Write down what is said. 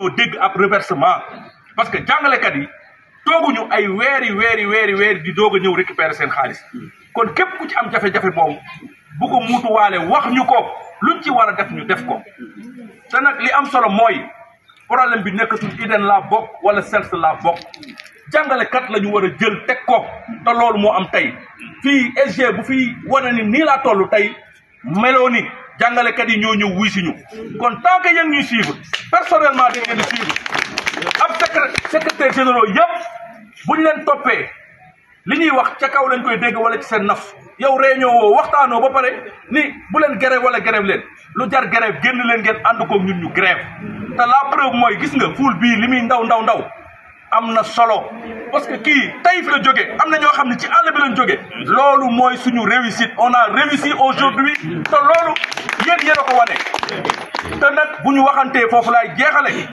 ñoo dégg ab reversement parce que jàngalekat yi tooguñu ay weeri weeri weeri weeri di doog a ñëw récupérer seen xaalis kon képp ku ci am jafe-jafe moom bu ko muutuwaale wax ñu ko luñ ci war a def ñu def ko te nag li am solo mooy problème bi nekk nekkatul IDEN la bokk wala CELS la bokk jàngalekat lañu ñu war a jël teg ko te loolu moo am tey fii SG bu fi wane ni nii laa toll tey meloo ni jàngalekat yi ñoo ñëw wuy si ñu kon tant que yéen ñuy suivre personnellement dañ leen di suivre ab secrétaire généraux yëpp bu ñu leen toppee li ñuy wax ca kaw lañ koy dégg wala ci seen naf yow réunion woo waxtaanoo ba pare ni bu leen grève wala grève leen lu jar grève génn leen ngeen ànd ko ñun ñu grève te la preuve mooy gis nga foule bii li muy ndaw ndaw ndaw amna solo parce que kii Taïf la jogué amna ñoo xamni ci all bi lañ jogué lolu moy suñu réussite on a réussi aujourd'hui te lolu yeen yéen ko wane te nak buñu waxanté fofu lay laay